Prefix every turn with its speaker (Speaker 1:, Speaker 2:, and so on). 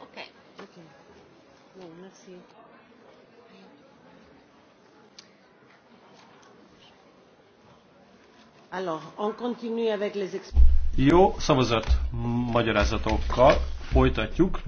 Speaker 1: Ok. Ok. Bon, merci.
Speaker 2: Alors, on continue avec les
Speaker 3: Jó, szavazat magyarázatokkal
Speaker 4: folytatjuk.